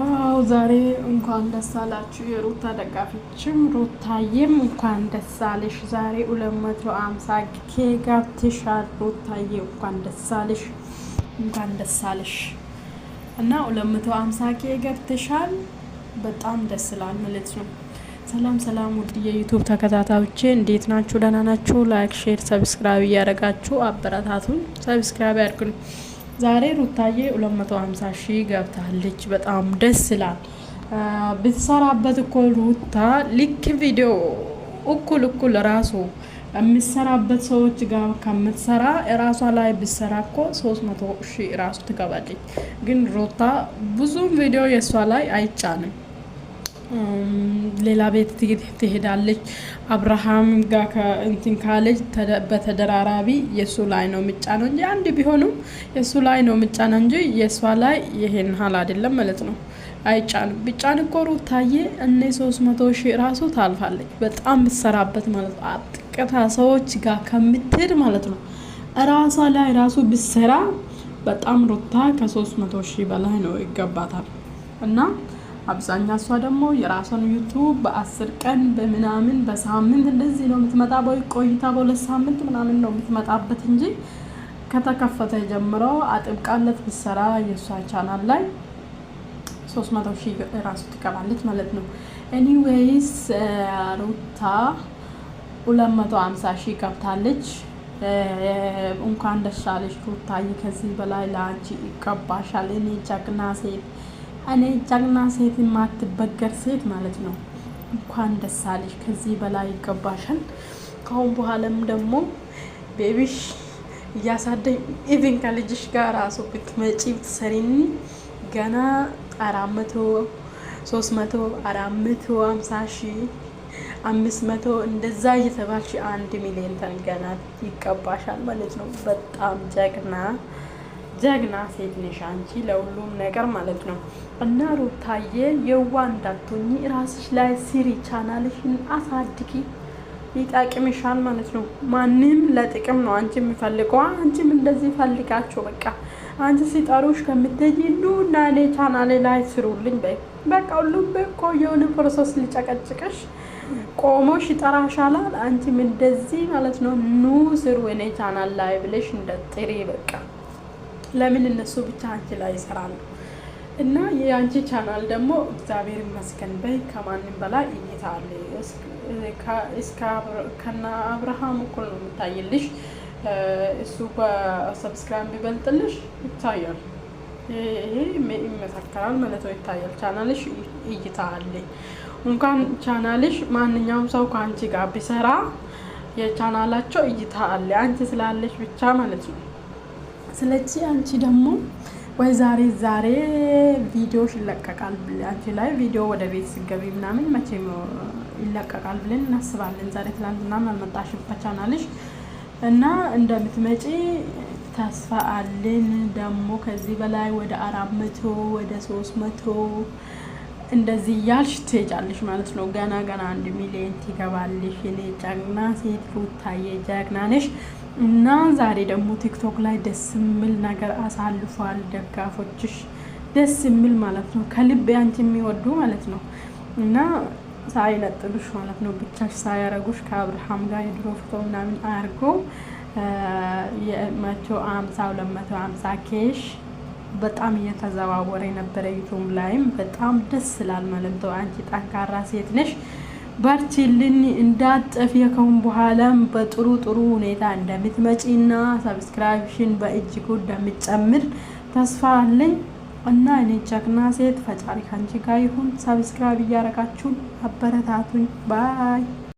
ዋው ዛሬ እንኳን ደስ አላችሁ የሩታ ደጋፊችም ሩታዬም እንኳን ደስ አለሽ። ዛሬ አምሳ ኬ ገብተሻል ሩታዬ፣ እንኳን ደስ አለሽ፣ እንኳን ደስ አለሽ እና አምሳ ኬ ገብትሻል በጣም ደስ ይላል ማለት ነው። ሰላም ሰላም፣ ውድ የዩቱብ ተከታታዮቼ እንዴት ናችሁ? ደህና ናችሁ? ላይክ፣ ሼር፣ ሰብስክራይብ እያደረጋችሁ አበረታቱን ሰብስክራይብ ያድርጉኝ። ዛሬ ሩታዬ 250 ሺህ ገብታለች። በጣም ደስ ይላል። ብትሰራበት እኮ ሩታ ልክ ቪዲዮ እኩል እኩል ራሱ የምትሰራበት ሰዎች ጋር ከምትሰራ ራሷ ላይ ብትሰራ እኮ 300 ሺ ራሱ ትገባለች። ግን ሩታ ብዙም ቪዲዮ የእሷ ላይ አይጫንም። ሌላ ቤት ትሄዳለች። አብርሃም ጋር እንትን ካለች በተደራራቢ የእሱ ላይ ነው ምጫ ነው እንጂ አንድ ቢሆኑም የእሱ ላይ ነው ምጫ ነው እንጂ የእሷ ላይ ይሄን ሀል አይደለም ማለት ነው። አይጫንም ቢጫን እኮ ሩታዬ እኔ ሶስት መቶ ሺህ ራሱ ታልፋለች። በጣም ብሰራበት ማለት ነው። አጥቅታ ሰዎች ጋር ከምትሄድ ማለት ነው። እራሷ ላይ ራሱ ብሰራ በጣም ሩታ ከሶስት መቶ ሺህ በላይ ነው ይገባታል እና አብዛኛ እሷ ደግሞ የራሷን ዩቱብ በአስር ቀን በምናምን በሳምንት እንደዚህ ነው የምትመጣ ቆይታ በሁለት ሳምንት ምናምን ነው የምትመጣበት እንጂ ከተከፈተ ጀምሮ አጥብቃለት ብሰራ የእሷ ቻናል ላይ ሶስት መቶ ሺህ ራሱ ትቀባለች ማለት ነው። ኤኒዌይስ ሩታ ሁለት መቶ ሀምሳ ሺህ ገብታለች። እንኳን ደስ አለሽ ሩታዬ፣ ከዚህ በላይ ለአንቺ ይገባሻል። እኔ ጀግና ሴት እኔ ጀግና ሴት የማትበገር ሴት ማለት ነው። እንኳን ደስ አለሽ። ከዚህ በላይ ይገባሻል። ከአሁን በኋላም ደግሞ ቤቢሽ እያሳደኝ ኢቭን ከልጅሽ ጋር ራሱ ብትመጪ ብትሰሪኒ ገና አራት መቶ ሶስት መቶ አራት መቶ ሀምሳ ሺህ አምስት መቶ እንደዛ እየተባልሽ አንድ ሚሊዮን ተንገናት ይገባሻል ማለት ነው። በጣም ጀግና ጀግና ሴት ነሽ አንቺ ለሁሉም ነገር ማለት ነው። እና ሩታዬ የዋ እንዳትሆኚ ራስሽ ላይ ስሪ፣ ቻናልሽን አሳድጊ፣ ይጠቅምሻል ማለት ነው። ማንም ለጥቅም ነው አንቺ የሚፈልገው። አንቺም እንደዚህ ፈልጋቸው በቃ አንቺ ሲጠሩሽ ከምትሄጂ ኑ እና እኔ ቻናሌ ላይ ስሩልኝ በይ። በቃ ሁሉም በኮ የሆነ ፕሮሰስ ሊጨቀጭቅሽ ቆሞሽ ይጠራሻላል። አንቺም እንደዚህ ማለት ነው ኑ ስሩ እኔ ቻናል ላይ ብለሽ እንደጥሪ በቃ ለምን እነሱ ብቻ አንቺ ላይ ይሰራሉ? እና የአንቺ ቻናል ደግሞ እግዚአብሔር ይመስገን በይ ከማንም በላይ እይታ አለ። ከና አብርሃም እኩል ነው የምታይልሽ። እሱ በሰብስክራይብ የሚበልጥልሽ ይታያል። ይሄ ይመሰከራል ማለት ነው። ይታያል። ቻናልሽ እይታ አለ። እንኳን ቻናልሽ ማንኛውም ሰው ከአንቺ ጋር ቢሰራ የቻናላቸው እይታ አለ። አንቺ ስላለሽ ብቻ ማለት ነው። ስለዚህ አንቺ ደግሞ ወይ ዛሬ ዛሬ ቪዲዮ ይለቀቃል አንቺ ላይ ቪዲዮ ወደ ቤት ስገቢ ምናምን መቼም ይለቀቃል ብለን እናስባለን። ዛሬ ትላንትና አልመጣሽም በቻናልሽ እና እንደምትመጪ ተስፋ አለን። ደግሞ ከዚህ በላይ ወደ አራት መቶ ወደ ሶስት መቶ እንደዚህ እያልሽ ትሄጃለሽ ማለት ነው። ገና ገና አንድ ሚሊዮን ትገባለሽ። እኔ ጀግና ሴት ሩታዬ ጀግና ነሽ። እና ዛሬ ደግሞ ቲክቶክ ላይ ደስ የሚል ነገር አሳልፏል። ደጋፎችሽ ደስ የሚል ማለት ነው፣ ከልብ ያንቺ የሚወዱ ማለት ነው እና ሳይለጥብሽ ማለት ነው ብቻሽ ሳያረጉሽ ከአብርሃም ጋር የድሮ ፎቶ ምናምን አርጎ የመቶ አምሳ ሁለት መቶ አምሳ ኬሽ በጣም እየተዘዋወረ የነበረ ዩቱብ ላይም በጣም ደስ ስላል ማለት ነው። አንቺ ጠንካራ ሴት ነሽ። በርቺልን እንዳትጠፊ ከሁን በኋላም በጥሩ ጥሩ ሁኔታ እንደምትመጪና ሰብስክራይብሽን በእጅጉ እንደምትጨምር ተስፋ አለኝ እና እኔ ጀግና ሴት ፈጣሪ ካንቺ ጋር ይሁን። ሰብስክራይብ እያረጋችሁን አበረታቱኝ ባይ